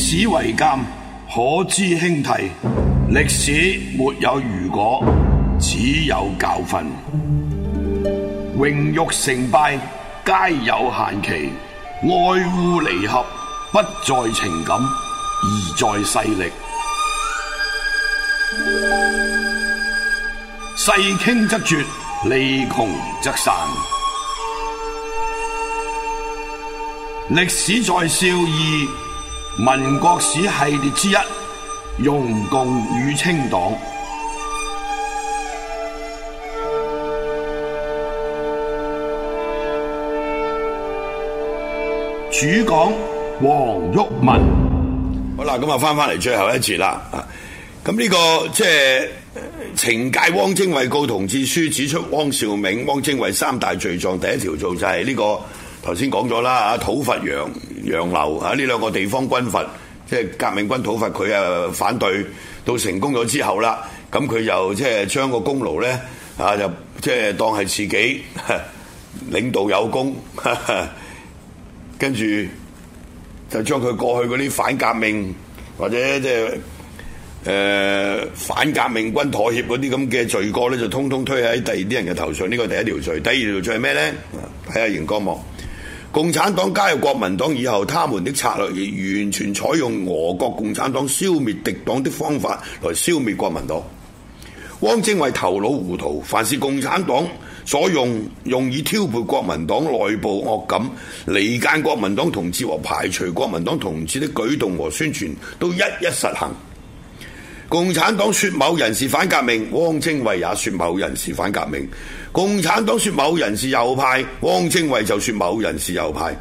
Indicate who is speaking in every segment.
Speaker 1: 歷史為鑒，可知興替。歷史沒有如果，只有教訓。榮辱成敗皆有限期，愛烏離合不在情感，而在勢力。世傾則絕，利窮則散。歷史在笑二。民國史系列之一，容共與清黨，主講黃毓民。好啦，咁啊，翻翻嚟最後一節啦。啊、這個，咁呢個即係《懲戒汪精衛告同志書指出，汪兆銘、汪精衛三大罪狀，第一條做就係呢、這個。頭先講咗啦，啊，討伐楊楊劉啊，呢兩個地方軍閥，即係革命軍討伐佢啊，反對到成功咗之後啦，咁佢又即係將個功勞咧，啊，就即係當係自己領導有功，跟住就將佢過去嗰啲反革命或者即係誒反革命軍妥協嗰啲咁嘅罪過咧，就通通推喺第二啲人嘅頭上。呢、這個第一條罪，第二條罪係咩咧？睇下熒光幕。共產黨加入國民黨以後，他們的策略亦完全採用俄國共產黨消滅敵黨的方法來消滅國民黨。汪精衛頭腦糊塗，凡是共產黨所用，用以挑撥國民黨內部惡感、離間國民黨同志和排除國民黨同志的舉動和宣傳，都一一實行。共產黨說某人是反革命，汪精衛也說某人是反革命。共產黨說某人是右派，汪精衛就說某人是右派。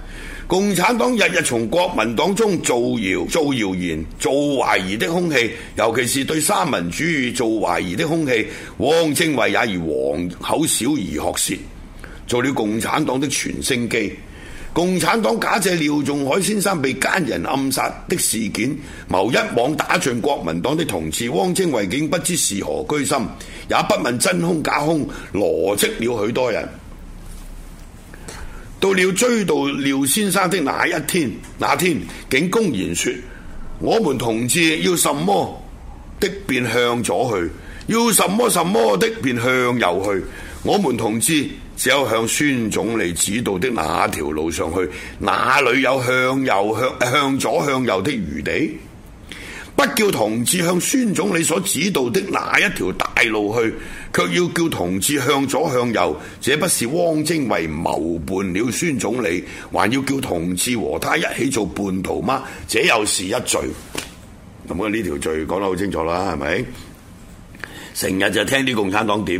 Speaker 1: 共產黨日日從國民黨中造謠、造謠言、造懷疑的空氣，尤其是對三民主義造懷疑的空氣，汪精衛也以黃口小兒學舌，做了共產黨的傳聲機。共產黨假借廖仲愷先生被奸人暗殺的事件，謀一網打盡國民黨的同志。汪精衛竟不知是何居心，也不問真兇假兇，羅織了許多人。到了追悼廖先生的那一天，那天竟公然說：我們同志要什麼的便向左去，要什麼什麼的便向右去。我們同志。只有向孫總理指導的那條路上去，哪裏有向右向向左向右的餘地？不叫同志向孫總理所指導的那一條大路去，卻要叫同志向左向右，這不是汪精衛謀叛了孫總理，還要叫同志和他一起做叛徒嗎？這又是一罪。咁啊，呢條罪講得好清楚啦，係咪？成日就聽啲共產黨點？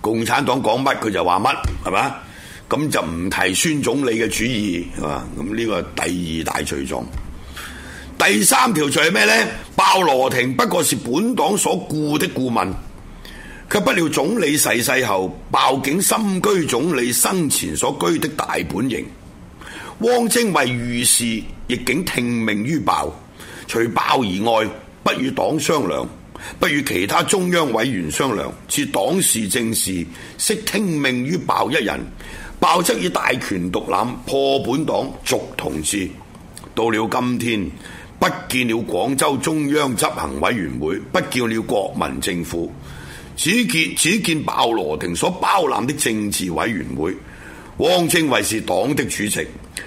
Speaker 1: 共產黨講乜佢就話乜，係嘛？咁就唔提孫總理嘅主意，係嘛？咁呢個第二大罪狀。第三條罪係咩咧？鮑羅廷不過是本黨所雇的顧問，卻不料總理逝世後，鮑竟深居總理生前所居的大本營。汪精衛遇事亦竟聽命於鮑，除鮑以外，不與黨商量。不與其他中央委員商量，設黨事政事，悉聽命於鮑一人。鮑則以大權獨攬，破本黨逐同志。到了今天，不見了廣州中央執行委員會，不見了國民政府，只見只見鮑羅廷所包攬的政治委員會，汪精衛是黨的主席，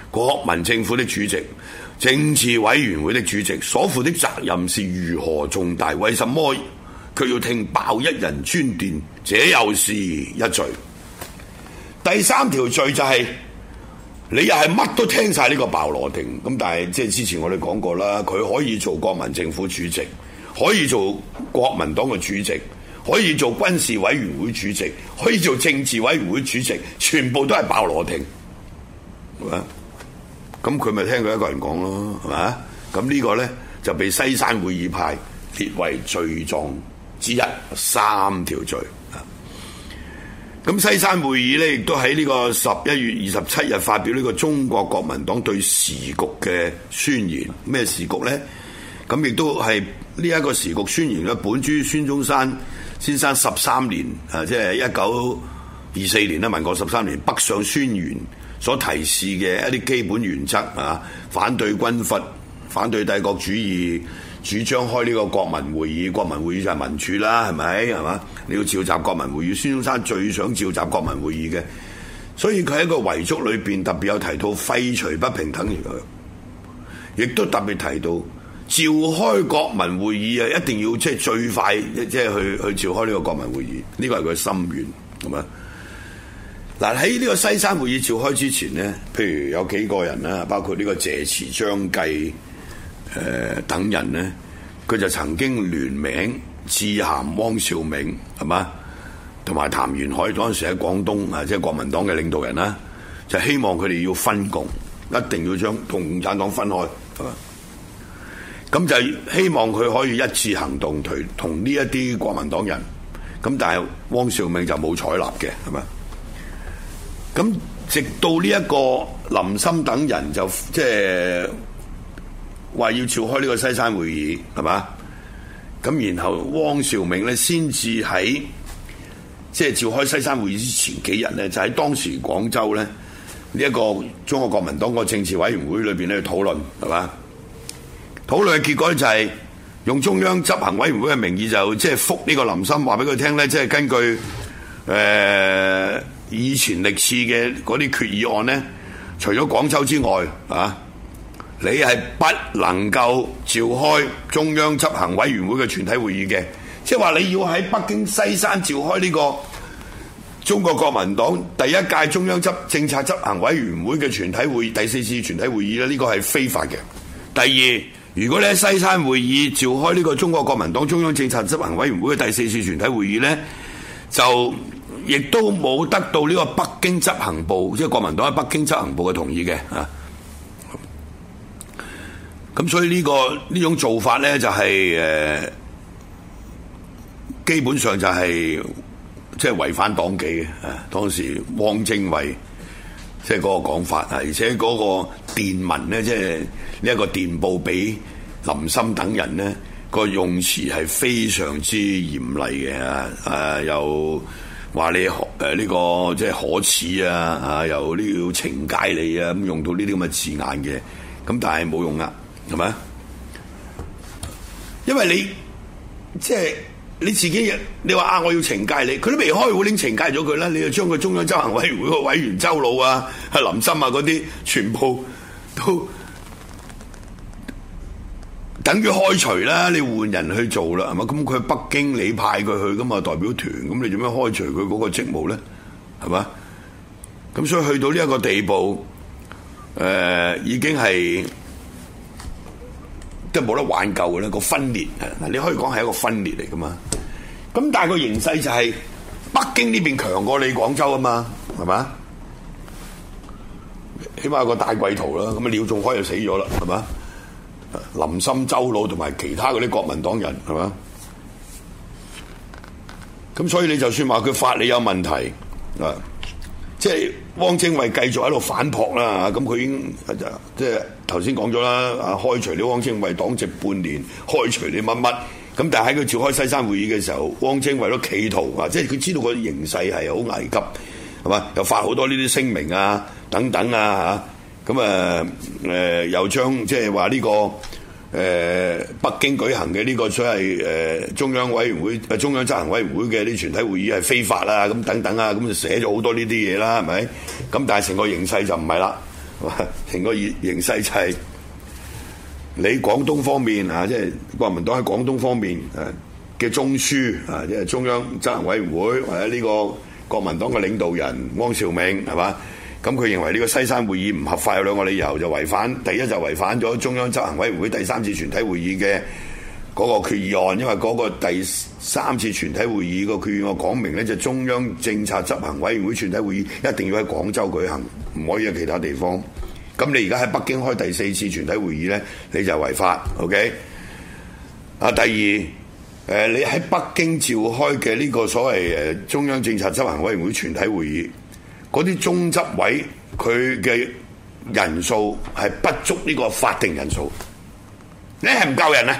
Speaker 1: 國民政府的主席。政治委員會的主席所負的責任是如何重大？為什麼佢要聽爆一人專斷？這又是一罪。第三條罪就係、是、你又係乜都聽晒呢個鮑羅廷。咁但係即係之前我哋講過啦，佢可以做國民政府主席，可以做國民黨嘅主席，可以做軍事委員會主席，可以做政治委員會主席，全部都係鮑羅廷。啊！咁佢咪聽佢一個人講咯，係咪？咁呢個呢，就被西山會議派列為罪狀之一，三條罪。咁西山會議呢，亦都喺呢個十一月二十七日發表呢個中國國民黨對時局嘅宣言。咩時局呢？咁亦都係呢一個時局宣言咧。本於孫中山先生十三年，啊，即係一九二四年咧，民國十三年北上宣言。所提示嘅一啲基本原則，啊，反對軍閥，反對帝國主義，主張開呢個國民會議。國民會議就係民主啦，係咪係嘛？你要召集國民會議，孫中山最想召集國民會議嘅。所以佢喺個遺囑裏邊特別有提到廢除不平等，而佢亦都特別提到召開國民會議啊！一定要即係最快，即係去去召開呢個國民會議。呢個係佢嘅心願咁啊！嗱，喺呢個西山會議召開之前咧，譬如有幾個人啊，包括呢個謝持、張繼、張繼誒等人咧，佢就曾經聯名致函汪兆銘，係嘛？同埋譚元海當時喺廣東啊，即係國民黨嘅領導人啦，就希望佢哋要分共，一定要將同共產黨分開，係嘛？咁就希望佢可以一次行動同同呢一啲國民黨人，咁但係汪兆銘就冇採納嘅，係嘛？咁直到呢一個林森等人就即係話要召開呢個西山會議，係嘛？咁然後汪兆銘呢先至喺即係召開西山會議之前幾日呢，就喺當時廣州咧呢一，這個中國國民黨個政治委員會裏邊咧去討論，係嘛？討論嘅結果就係，是，用中央執行委員會嘅名義就即係覆呢個林森話俾佢聽呢，即係，就是，根據誒，呃以前歷史嘅嗰啲決議案呢，除咗廣州之外，啊，你係不能夠召開中央執行委員會嘅全體會議嘅，即係話你要喺北京西山召開呢個中國國民黨第一屆中央政策執行委員會嘅全體會議第四次全體會議呢，呢個係非法嘅。第二，如果你喺西山會議召開呢個中國國民黨中央政策執行委員會嘅第四次全體會議呢，就亦都冇得到呢個北京執行部，即係國民黨喺北京執行部嘅同意嘅啊。咁所以呢個呢種做法咧，就係誒，基本上就係即係違反黨紀嘅。啊，當時汪精衛即係嗰個講法係，而且嗰個電文咧，即係呢一個電報俾林森等人咧，個用詞係非常之嚴厲嘅啊，又。話你誒呢個即係可恥啊，吓又呢要懲戒你啊，咁用到呢啲咁嘅字眼嘅，咁但係冇用啊，係咪？因為你即係、就是、你自己，你話啊我要懲戒你，佢都未開會，你懲戒咗佢啦，你就將佢中央執行委員會個委員鄒魯啊、阿林森啊嗰啲，全部都。等於開除啦，你換人去做啦，係嘛？咁佢北京你派佢去噶嘛，代表團，咁你做咩開除佢嗰個職務咧？係嘛？咁所以去到呢一個地步，誒、呃，已經係都冇得挽救嘅咧。那個分裂，嗱，你可以講係一個分裂嚟噶嘛。咁但係個形勢就係北京呢邊強過你廣州啊嘛，係嘛？起碼有個戴季陶啦，咁啊，廖仲愷又死咗啦，係嘛？林森周老同埋其他嗰啲國民黨人係嘛，咁所以你就算話佢法理有問題，啊，即係汪精衛繼續喺度反撲啦，咁佢已經就即係頭先講咗啦，開除你汪精衛黨籍半年，開除你乜乜，咁但係喺佢召開西山會議嘅時候，汪精衛都企圖啊，即係佢知道個形勢係好危急，係嘛，又發好多呢啲聲明啊，等等啊，吓，咁啊，誒、呃，又將即係話呢個。誒北京舉行嘅呢、這個，所以誒、呃、中央委員會、中央執行委員會嘅呢啲全體會議係非法啦、啊，咁等等啊，咁就寫咗好多呢啲嘢啦，係咪？咁但係成個形勢就唔係啦，成個形勢就係你廣東方面啊，即係國民黨喺廣東方面嘅中書啊，即係中央執行委員會或者呢個國民黨嘅領導人汪兆銘，係嘛？咁佢認為呢個西山會議唔合法有兩個理由，就違反第一就違反咗中央執行委員會第三次全體會議嘅嗰個決議案，因為嗰個第三次全體會議個決議案講明呢，就中央政策執行委員會全體會議一定要喺廣州舉行，唔可以喺其他地方。咁你而家喺北京開第四次全體會議呢，你就違法。OK？啊，第二，誒你喺北京召開嘅呢個所謂誒中央政策執行委員會全體會議。嗰啲中執委佢嘅人數係不足呢個法定人數，你係唔夠人啊？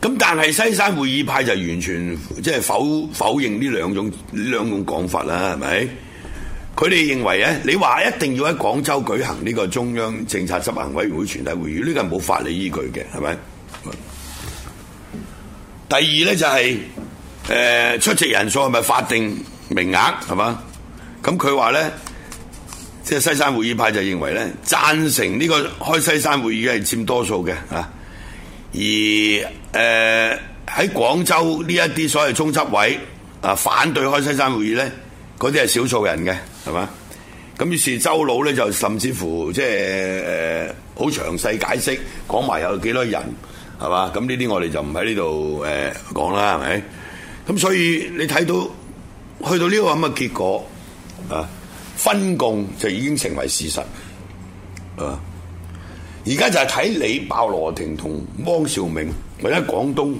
Speaker 1: 咁但係西山會議派就完全即係否否認呢兩種兩種講法啦，係咪？佢哋認為咧，你話一定要喺廣州舉行呢個中央政策執行委員會全體會議，呢個係冇法理依據嘅，係咪？第二咧就係、是、誒、呃、出席人數係咪法定名額係嘛？咁佢話咧，即係西山會議派就認為咧，贊成呢個開西山會議係佔多數嘅啊。而誒喺、呃、廣州呢一啲所謂中執委啊，反對開西山會議咧，嗰啲係少數人嘅，係嘛？咁於是周老咧就甚至乎即係誒好詳細解釋，講埋有幾多人，係嘛？咁呢啲我哋就唔喺呢度誒講啦，係、呃、咪？咁所以你睇到去到呢個咁嘅結果。啊，分共就已經成為事實。啊，而家就係睇李鮑羅廷同汪兆銘或者廣東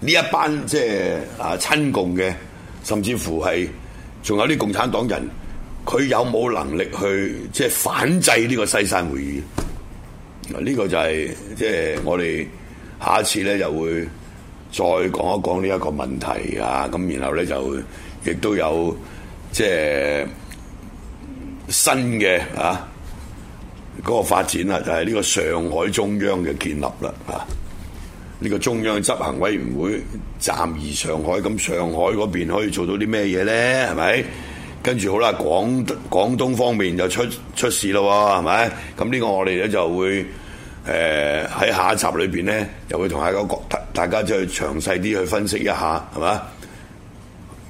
Speaker 1: 呢一班即係啊親共嘅，甚至乎係仲有啲共產黨人，佢有冇能力去即係、就是、反制呢個西山會議？啊，呢、這個就係即係我哋下一次咧就會再講一講呢一個問題啊。咁然後咧就亦都有。即係新嘅啊，嗰、那個發展啊，就係呢個上海中央嘅建立啦，啊！呢、這個中央執行委員會暫移上海，咁上海嗰邊可以做到啲咩嘢咧？係咪？跟住好啦，廣廣東方面就出出事咯，係咪？咁呢個我哋咧就會誒喺、呃、下一集裏邊咧，就會同下一大大家再詳細啲去分析一下，係咪？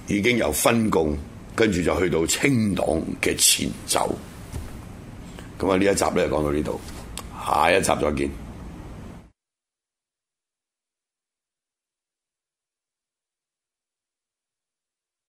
Speaker 1: 已經由分共。跟住就去到清黨嘅前奏，咁啊呢一集呢就講到呢度，下一集再見。